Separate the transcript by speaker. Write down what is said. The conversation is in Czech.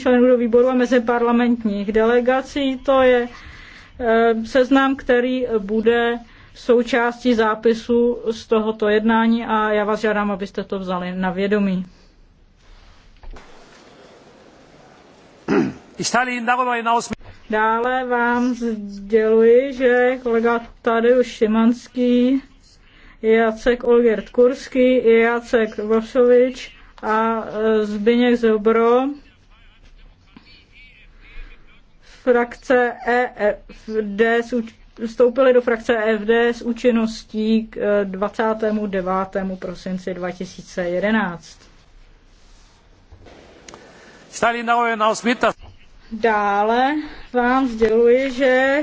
Speaker 1: členů do výboru a mezi parlamentních delegací. To je eh, seznam, který bude součástí zápisu z tohoto jednání a já vás žádám, abyste to vzali na vědomí. Dále vám sděluji, že kolega Tadeusz Šimanský, Jacek Olgert Kurský, Jacek Vosovič a eh, Zbyněk Zobro frakce EFD vstoupili do frakce EFD s účinností k 29. Eh, prosinci 2011. Dále vám sděluji, že